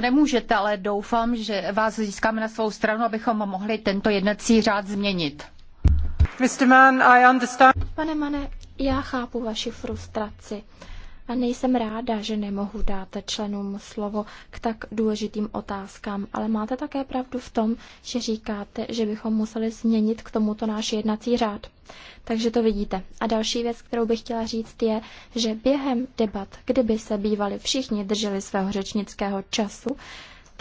nemůžete, ale doufám, že vás získáme na svou stranu, abychom mohli tento jednací řád změnit. Mr. Mann, I understand. Pane Mane, já chápu vaši frustraci a nejsem ráda, že nemohu dát členům slovo k tak důležitým otázkám, ale máte také pravdu v tom, že říkáte, že bychom museli změnit k tomuto náš jednací řád. Takže to vidíte. A další věc, kterou bych chtěla říct, je, že během debat, kdyby se bývali všichni drželi svého řečnického času,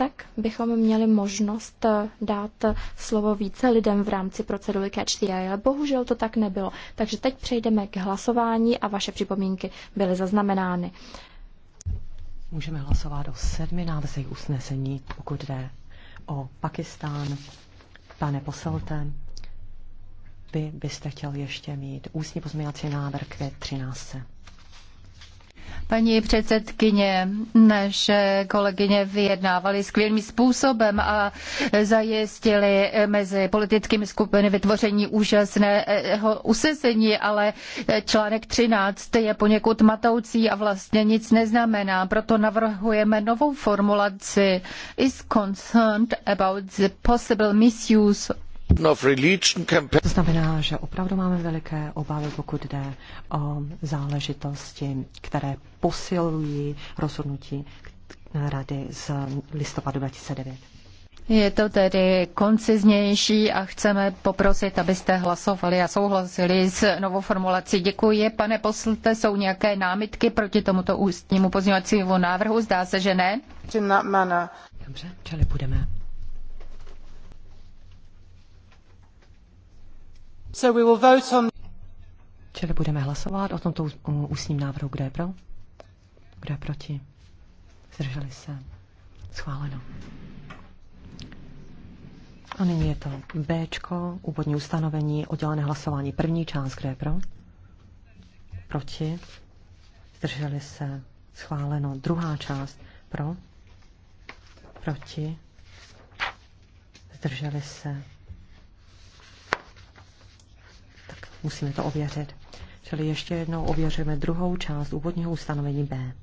tak bychom měli možnost eh, dát eh, slovo více lidem v rámci procedury Catch the Eye, ale bohužel to tak nebylo. Takže teď přejdeme k hlasování a vaše připomínky byly zaznamenány. Můžeme hlasovat o sedmi návrzích usnesení, pokud jde o Pakistán. Pane poselte, vy byste chtěl ještě mít ústní pozměňovací návrh ve 13. Paní předsedkyně, naše kolegyně vyjednávali skvělým způsobem a zajistili mezi politickými skupiny vytvoření úžasného usesení, ale článek 13 je poněkud matoucí a vlastně nic neznamená. Proto navrhujeme novou formulaci is concerned about the possible misuse to znamená, že opravdu máme veliké obavy, pokud jde o záležitosti, které posilují rozhodnutí rady z listopadu 2009. Je to tedy konciznější a chceme poprosit, abyste hlasovali a souhlasili s novou formulací. Děkuji. Pane poslte, jsou nějaké námitky proti tomuto ústnímu pozměňovacímu návrhu? Zdá se, že ne. Dobře, čili budeme So we will vote on... Čili budeme hlasovat o tomto ústním návrhu. Kdo je pro? Kdo je proti? Zdrželi se. Schváleno. A nyní je to B, úvodní ustanovení, oddělené hlasování. První část, kdo je pro? Proti? Zdrželi se. Schváleno. Druhá část, pro? Proti? Zdrželi se. musíme to ověřit. Čili ještě jednou ověříme druhou část úvodního ustanovení B.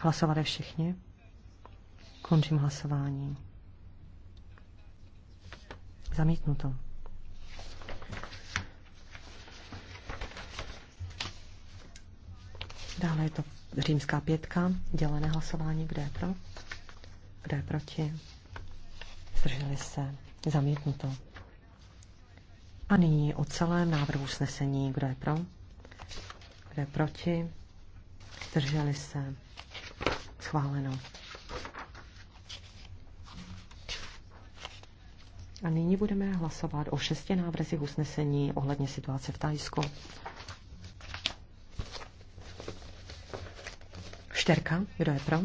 Hlasovali všichni? Končím hlasování. Zamítnuto. Dále je to římská pětka, dělené hlasování, kdo je pro, kdo je proti, zdrželi se, Zamítnuto. A nyní o celém návrhu usnesení. Kdo je pro? Kdo je proti? Zdrželi se? Schváleno. A nyní budeme hlasovat o šesti návrzích usnesení ohledně situace v Tajsku. Šterka, kdo je pro?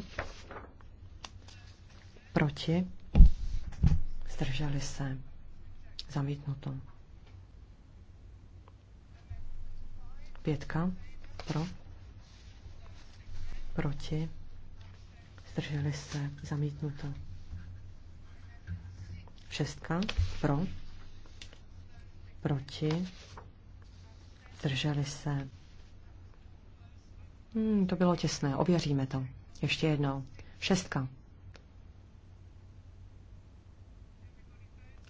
Proti? zdrželi se, zamítnuto. Pětka, pro, proti, zdrželi se, zamítnuto. Šestka, pro, proti, zdrželi se. Hmm, to bylo těsné, ověříme to. Ještě jednou. Šestka.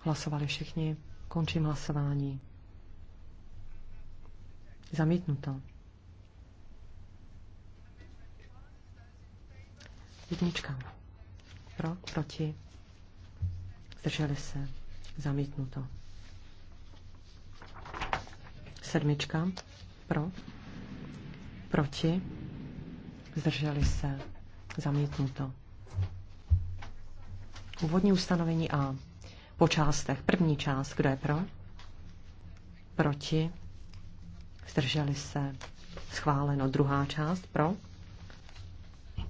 Hlasovali všichni. Končím hlasování. Zamítnuto. Jednička. Pro, proti. Zdrželi se. Zamítnuto. Sedmička. Pro. Proti. Zdrželi se. Zamítnuto. Úvodní ustanovení A po částech. První část, kdo je pro? Proti? Zdrželi se? Schváleno. Druhá část pro?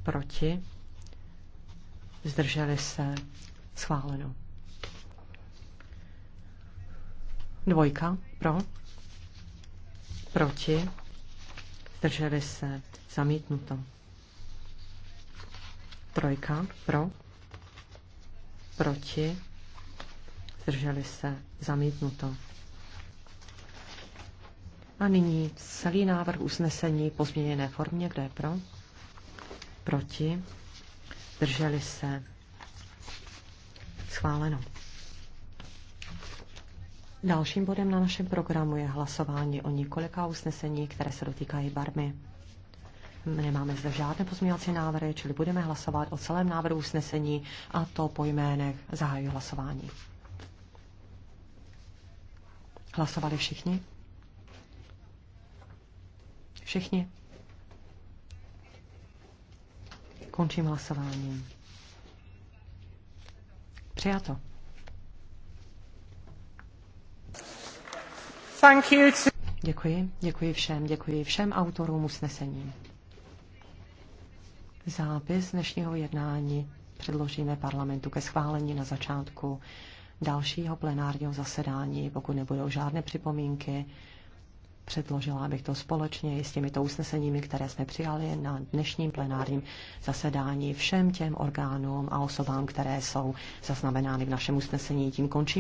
Proti? Zdrželi se? Schváleno. Dvojka pro? Proti? Zdrželi se? Zamítnuto. Trojka pro? Proti? zdrželi se, zamítnuto. A nyní celý návrh usnesení po změněné formě, kde je pro, proti, zdrželi se, schváleno. Dalším bodem na našem programu je hlasování o několika usnesení, které se dotýkají barmy. Nemáme zde žádné pozměňovací návrhy, čili budeme hlasovat o celém návrhu usnesení a to po jménech zahájí hlasování. Hlasovali všichni? Všichni? Končím hlasování. Přijato. Thank you to... Děkuji, děkuji všem, děkuji všem autorům usnesení. Zápis dnešního jednání předložíme parlamentu ke schválení na začátku dalšího plenárního zasedání, pokud nebudou žádné připomínky. Předložila bych to společně i s těmito usneseními, které jsme přijali na dnešním plenárním zasedání všem těm orgánům a osobám, které jsou zaznamenány v našem usnesení. Tím končím.